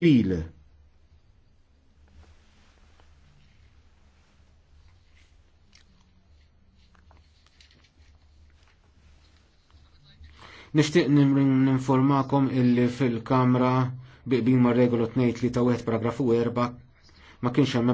bil. Nishtiq ninformakom illi fil-kamra biqbin ma' regolu li 3 paragrafu 4 ma kienx hemm